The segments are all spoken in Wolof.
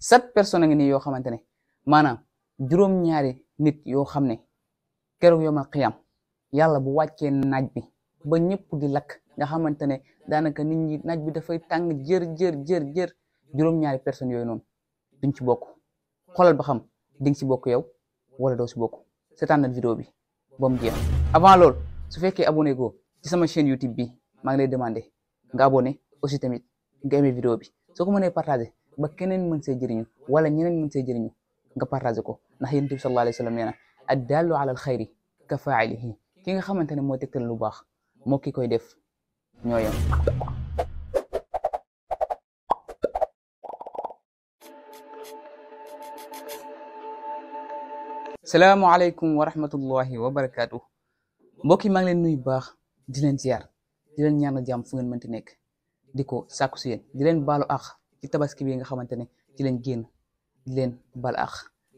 sept personnes ngi nii yoo xamante ne maanaam juróom-ñaari nit yoo xam ne keroog yomal xiyam yàlla bu wàccee naaj bi ba ñëpp di lakk nga xamante ne daanaka nit ñi naaj bi dafay tàng jër jër jër jër juróom-ñaari personnes yooyu noon duñ ci bokk xoolal ba xam di nga ci bokk yow wala doo si bokk seetaan na vidéo bi ba mu jeex avant loolu su fekkee abonné goo ci sama chaîne YouTube bi maa ngi lay demandé nga abonné aussi tamit nga aimé vidéo bi soo ko mënee partagé ba keneen mën see jëriñu wala ñeneen mën see jëriñu nga partagé ko ndax yonent bi sallallahu alayhi wa sallam nee na ad daallu ki nga xamante ne mooy tegtal lu baax moo ki koy def ñoo yem salaamaaleykum wa rahmatullahi wa barakaatu mbokk yi maa ngi leen nuyu baax di leen ziar di leen ñaan jàmm fu mën mënti nekk di ko sàkku si yéen di leen baalu àq ci tabaski bi nga xamantene ci lañu genn di len bal ax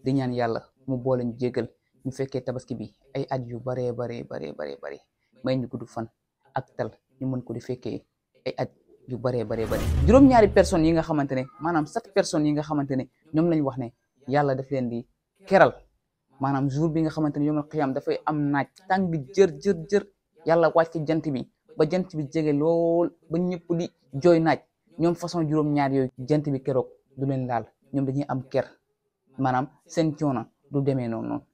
di ñaan yalla mu booleñ jéggal ñu fekkee tabaski bi ay at yu bare bare bare bare bare may ñu gudd fan ak tal ñu mën ko di fekkee ay at yu bare bare bare juroom ñaari personne yi nga xamantene manam maanaam sept personnes yi nga xamantene ñom ñoom lañ wax ne yalla daf leen di keral manam jour bi nga xamantene yomul yalla da fay am naaj bi jër jër jër yalla wacc jant bi ba jant bi jégué lool ba ñepp di joy naaj ñoom façon juróom-ñaar yooyu jant bi keroog du leen laal ñoom dañuy am ker maanaam seen coono du demee noonu noonu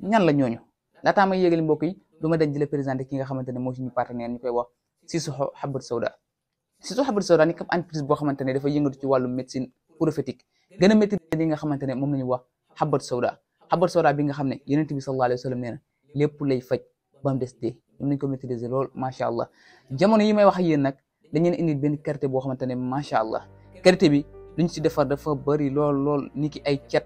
ñan la ñooñu laataa may yéegali mbokk yi du ma denc la présenté ki nga xamante ne moo suñu ñu koy wax Sissoko Habbatu Sauda Sissoko Habbatu Sauda ni kam ne dafa yëngatu ci wàllu médecine li nga xamante ne moom la ñu wax Habbatu Sauda Habbatu Sauda bi nga xam ne Yonent bi sallallahu alayhi wa sallam na lépp lay faj ba mu des dee allah jamono yi may wax ak dañu leen indi benn karité boo xamante ne macha allah karité bi luñ si defar dafa bëri lool lool ni ki ay cat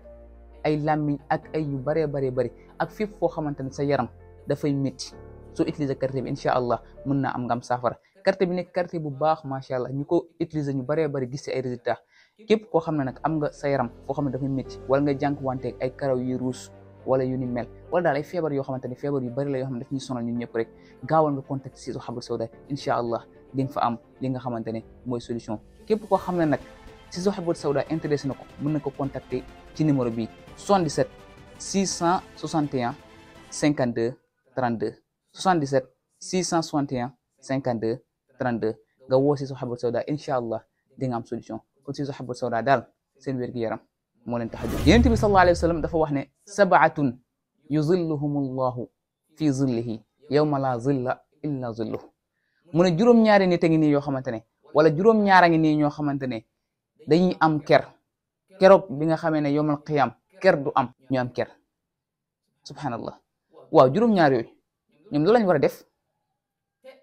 ay làmmiñ ak ay yu bëree bëree bëri ak fépp foo xamante ne sa yaram dafay métti soo utiliser karité incha allah mën naa am nga am saafara karité bi nekk karité bu baax macha allah ñu ko utiliser ñu bëree bëri gis si ay résultats képp koo xam ne nag am nga sa yaram foo xam ne dafay wala nga jànkuwanteeg ay karaw yu ruus wala yu ni mel wala daal ay feebar yoo xamante ne feebar yu bëri la yoo xam ne daf ñuy sonal ñun ñëpp rek gaawal nga contact si Habrul Sawda incha allah di nga fa am li nga xamante ne mooy solution képp koo xam ne nag si Sohiboul Sawda intéressé na ko mun na ko contacter ci numéro bi 77 661 52 32 77 661 52 32 nga woo si Sohiboul Sawda incha allah di am solution kon si Sohiboul Sawda daal seen wér-gu-yaram moo leen tax a jóg yonent bi sallallahu alayhi wa sallam dafa wax ne sabaatun yuzilluhum allahu fi zillihi yawma la zilla illa zilluhu mu ne juróom-ñaari nit a ngi nii yoo xamante ne wala juróom-ñaar a ngi nii ñoo xamante ne dañuy am ker keroog bi nga xamee ne yomal xiyam ker du am ñoo am ker subhanallah waaw juróom-ñaar yooyu ñoom loolu lañ war a def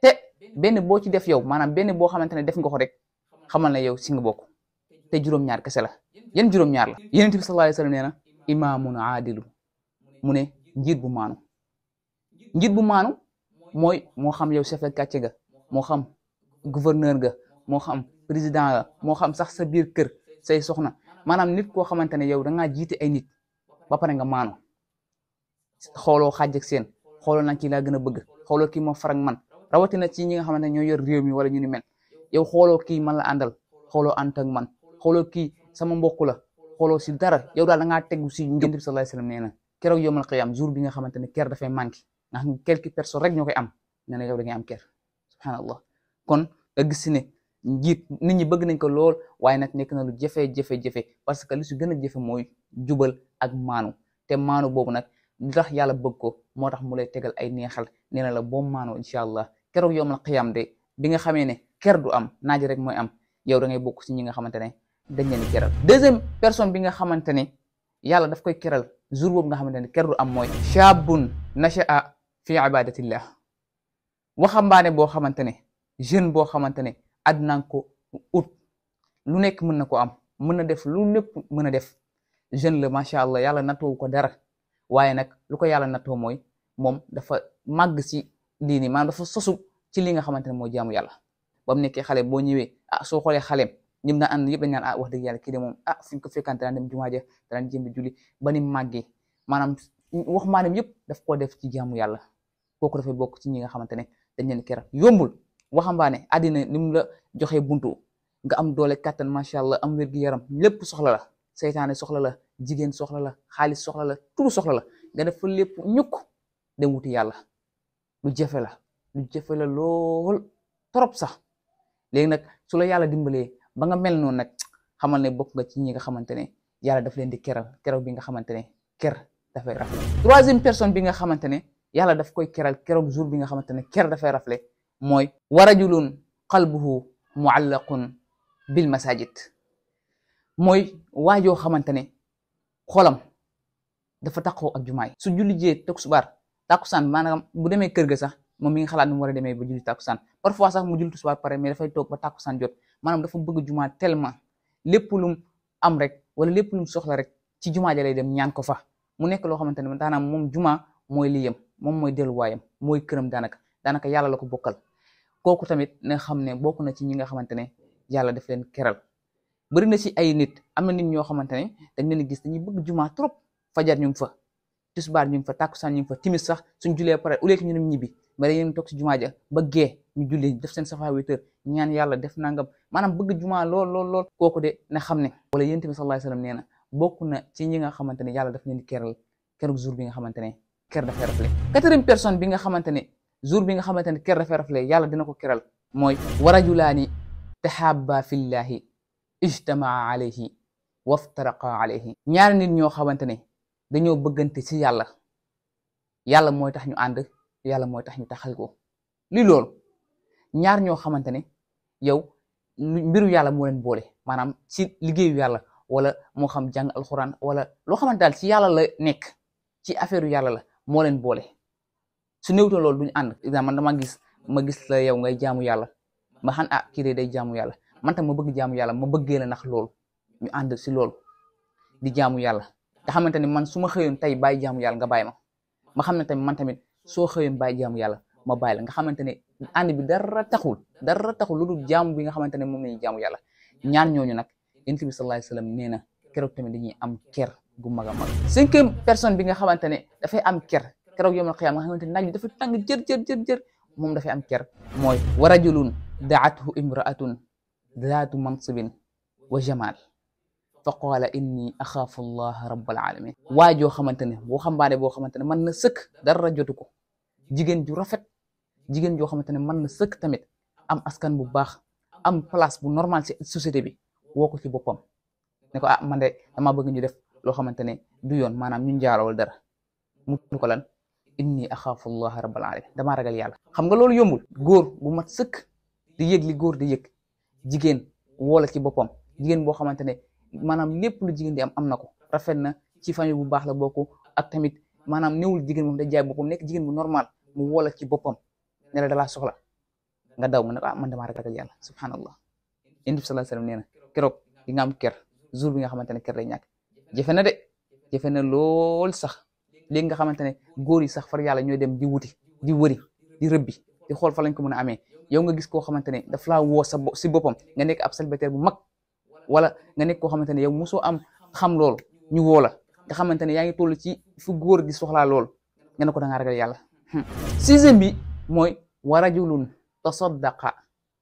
te benn boo ci def yow maanaam benn boo xamante ne def nga ko rek xamal na yow si nga bokk te juróom-ñaar kese la yan juróom-ñaar la yonent bi sallallahu alayhi wa sallam nee na imaamun aadilu mu ne njiit bu maanu njiit bu maanu mooy moo xam yow chef de quartier ga moo xam gouverneur nga moo xam président moo xam sax sa biir kër say soxna maanaam nit koo xamante ne yow da ngaa jiite ay nit ba pare nga maanu xooloo xa ak seen xooloo nag kii laa gën bëgg xooloo kii moo farag man rawatina ci ñi nga xamante ne ñoo yor réew mi wala ñu mel yow xooloo kii man la àndal xooloo ànd ak man xooloo kii sama mbokk la xooloo si dara yow daal da ngaa tegu si njub bi sallallahu nee na keroog yowmal qiyaam bi nga xamante ne ker dafay manqué nga xam ne quelques personnes rek ñoo koy am nee na yow da am ker subhanallah kon nga gis ne njiit nit ñi bëgg nañ ko lool waaye nag nekk na lu jafe-jafe-jafe parce que lu si gën a jafe mooy jubal ak maanu te maanu boobu nag li tax yàlla bëgg ko moo tax mu lay tegal ay neexal nee na la boo maanoo incha allah keroog yoom la xiyam de bi nga xamee ne ker du am naaj rek mooy am yow da ngay bokk si ñi nga xamante ne dañ leen keral deuxième personne bi nga xamante ne yàlla daf koy keral jour boobu nga xamante ne ker du am mooy shaabun nasha'a fi ibadatillah waxambaane bo xamantene ne jeune bo xamantene ne ko ut lu nek mën nako am mën na def lu nepp mën na def jeune le machallah allah natu ko dara waye nak lu ko yalla nattoo moy mom, dafa magisi dini, dini man dafa sosu ci li nga xamantene ne jamu yalla bam nekké xalé bo ñëwé ah so xolé xalé ñim na and yëpp dañ ah wax dëgg yalla ki de mom ah fu ko fekkante dañ dem jumaa dañ daan jëm julli ba ni màggee manam wax manam yëpp daf ko def ci jamu yalla koku dafa bok ci ñi nga xamantene dañ leen keral yombul waxambaane àddina ni mu la joxee buntu nga am doole kàttan macha allah am wér gu yaram lépp soxla la seytaane soxla la jigéen soxla la xaalis soxla la turu soxla la nga def fa lépp ñukk dem wuti yàlla lu jafe la lu jafe la lool trop sax léegi nag su la yàlla dimbalee ba nga mel noonu nag xamal ne bokk nga ci ñi nga xamante ne yàlla daf leen di keral keral bi nga xamante ne ker dafay rafet personne bi nga xamante yàlla daf koy keral keroog jour bi nga xamante ne ker dafay rafle mooy wa rajulun qalbuhu muallaqun bil masajid mooy waajoo xamante ne xolam dafa taqoo ak jumaay su julli jee taksubaar takusaan maanaam bu demee kër ga sax moom mi ngi xalaat nu mu a demee ba julli takusaan parfois sax mu julli tisbaar pare mais dafay toog ba takusaan jot maanaam dafa bëgg jumaa tellement lépp lum am rek wala lépp lum soxla rek ci jumaa ja lay dem ñaan fa mu mooy liyam moom mooy delluwaayam mooy këram daanaka yàlla la ko bokkal kooku tamit na xam ne bokk na ci ñi nga xamante ne yàlla daf leen keral bëri na ci ay nit am na nit ñoo xamante ne dañ leen gis dañuy jumaa trop fajar ñu ngi fa tisbaar ñu fa tàkkusaan ñu ngi fa timis sax suñ julee pare au ñu dem ñibbi mais dañuy toog jumaa ja ba gee ñu def seen safa wétër ñaan yàlla def nangam maanaam bëgg jumaa lool lool lool kooku de na xam ne wala yéen tamit sallallahu alayhi wasallam nee na bokk na ci ñi nga xamante ne yàlla def leen di keral keroog jour bi nga xamante ne ker dafay raflé quatrième personne bi nga xamante ne jour bi nga xamante ne ker dafay raflé yàlla dina ko keral mooy wa rajulaani taxaaba fillahi ijtamaa alayhi waftaraqa alayhi ñaari nit ñoo xamante dañoo bëggante ci yàlla yàlla mooy tax ñu ànd yàlla mooy tax ñu taxal ko li loolu ñaar ñoo xamante ne yow mbiru yàlla moo leen boole maanaam ci liggéeyu yàlla wala moo xam jàng alxuraan wala loo xamante daal ci yàlla la nekk ci affaire yàlla la moo leen boole su néewtoon loolu duñu ànd exemple man damaa gis ma gis la yow ngay jaamu yàlla ma xam ah kii de day jaamu yàlla man tam ma bëgg jaamu yàlla ma bëggee la ndax loolu ñu ànd si lool di jaamu yàlla nga xamante ni man su ma xëyoon tey bàyyi jaamu yàlla nga bàyyi ma ma xam ne tamit man tamit soo xëyoon bàyyi jaamu yàlla ma bàyyi la nga xamante ne ànd bi dara taxul dara taxul lu dul jaamu bi nga xamante ne moom la ñuy jaamu yàlla ñaan ñooñu nag yonent bi sallallahu alayhi wasallam nee na keroog tamit dañuy am ker gu mag a mag cinquième personne bi nga xamante ne dafay am ker keroog yawmal qiyaama nga xamante ne dafa tàng jër jër jër jër moom dafay am ker mooy wa rajulun daathu imraatun zaatu mansibin wa jamal fa qaala inni axaafu allah rabbal alamin waa joo xamante ne boo xambaane boo xamante ne mën na sëkk dara jotu ko jigéen ju rafet jigéen joo xamante ne mën na sëkk tamit am askan bu baax am place bu normal ci société bi woo ko ci boppam ne ko ah man de dama bëgg ñu def lo xamantene du yoon manam ñu njaalawal dara mu tudd ko lan inni akhafu allah rabbal alamin dama ragal yalla xam nga loolu yombul goor bu mat seuk di yegli goor di digen jigen wola ci bopam jigen diam xamantene manam lepp lu jigen di am amna ko rafet na ci famille bu bax la bokku ak tamit manam newul jigen mom da jaay bopam nek jigen bu normal mu wola ci bopam ne la mana, soxla nga daw man ah man dama ragal yalla subhanallah indi sallallahu alayhi wasallam neena nga am ker jour bi nga xamantene ker lay ñak jafe na de jafe na lool sax léegi nga xamante ne góor yi sax far yàlla ñooy dem di wuti di wëri di rëbbi di xool fa lañ ko mën a amee yow nga gis koo xamante ne daf laa woo sa si boppam nga nekk ab célibataire bu mag wala nga nekk koo xamante ne yow mosoo am xam loolu ñu woo la nga xamante ne yaa ngi toll ci fu góor di soxlaa lool nga ne ko da ngaa ragal yàlla hmm. sixième bi mooy wa rajulun tasaddaqa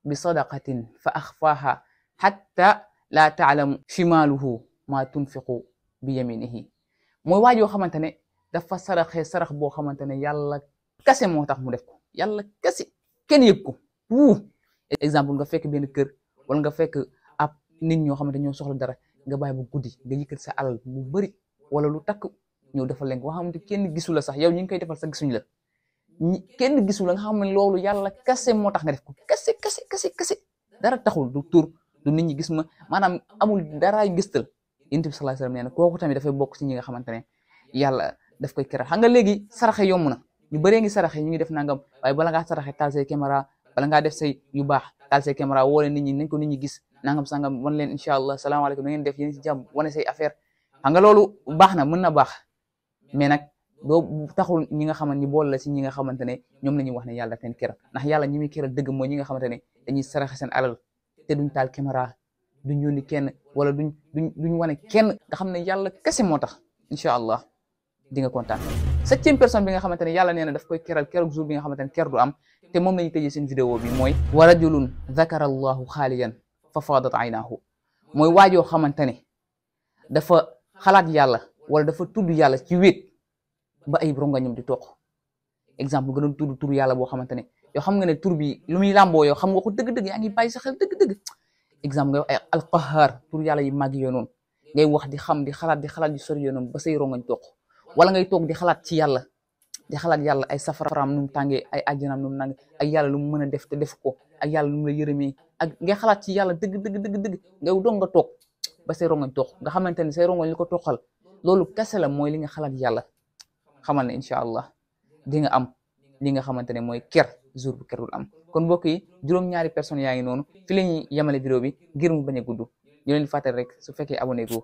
bi sadaqatin fa axfaaha xatta laa taalamu shimaaluhu maa tunfiqu bi yaminihi mooy waa joo xamante ne dafa saraxee sarax boo xamante ne yàlla kese moo tax mu def ko yàlla kese kenn yëg ko wuu exemple nga fekk benn kër wala nga fekk ab nit ñoo ne ñoo soxla dara nga bàyyi bu guddi nga yëkkat sa alal bu bëri wala lu takk ñëw defal leen ko nga xamante kenn gisu la sax yow ñu ngi koy defal sax gisuñu la kenn gisu la nga xam ne loolu yàlla kese moo tax nga def ko kese kese kese kese dara taxul du tur du nit ñi gis ma maanaam amul daraay gistal yonent bi sallallahu alayhi wasallam nee na tamit dafay bokk ci ñi nga yàlla daf koy keral xam léegi saraxe yomb na ñu bëree ngi saraxe ñu ngi def nangam waaye bala ngaa saraxe taal say caméra bala ngaa def say yu baax taal say caméra woo leen ñi nañ ko nit ñi gis nangam sangam wan leen incha allah salaamaaleykum na ngeen def yéen ci jàmm wane say affaire xam nga loolu baax na mën na baax mais nag doo ñi nga xamante ni bool la si ñi nga xamante ne ñoom la ñuy wax ne yàlla teen keral ndax yàlla ñi muy keral dëgg mooy ñi nga xamante ne dañuy saraxe taal caméra duñ yónni kenn wala duñ duñ duñ wane kenn nga xam ne yàlla kese moo tax incha allah di nga kontaan septième personne bi nga xamante ne yàlla nee na daf koy keral keroog jour bi nga xamante ne ker du am te moom la ñu tëjee seen vidéo bi mooy wa rajulun zakara allahu xaaliyan fa faadat aynaahu mooy waajoo xamante ne dafa xalaat yàlla wala dafa tudd yàlla ci wéet ba ay rongañam di toq exemple nga doon tudd tur yàlla boo xamante ne yoo xam nga ne tur bi lu muy làmboo yoo xam nga ko dëgg-dëgg yaa ngi bàyyi sa xel dëgg-dëgg exam nga ay qahar tur yalla yi mag yonon ngay wax di xam di xalat di xalat di sori yonon ba say rongañ tok wala ngay tok di xalat ci yalla di xalat yalla ay safaram num tangé ay aljanam num nang ak yalla lu meuna def te def ko ak yalla lu mu la yërëmee ak ngay xalat ci yalla deug deug deug deug ngay do nga tok ba sey rongañ nga xamante ne rongañ li la moy li nga xalat yalla xamal ni inshallah allah di nga am li nga xamanteni moy mooy jour bu kerul am kon mbokk yi juróom-ñaari personnes yaa ngi noonu fi la ñuy yemale vidéo bi gir mu bañ a gudd ñu leen fàttali rek su fekkee abonné ko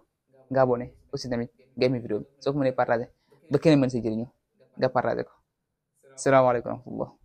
nga abonné aussi tamit nga aimé vidéo bi soo ko mënee partagé ba keneen mën si jëriñu nga partagé ko salaamaaleykum wa rahmatullah